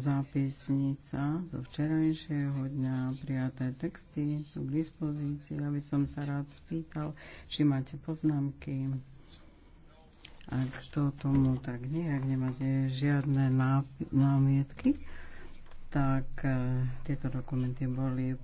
zápisnica zo včerajšieho dňa, prijaté texty sú k dispozícii. aby som sa rád spýtal, či máte poznámky. Ak to tomu tak nie, ak nemáte žiadne námietky, tak eh, tieto dokumenty boli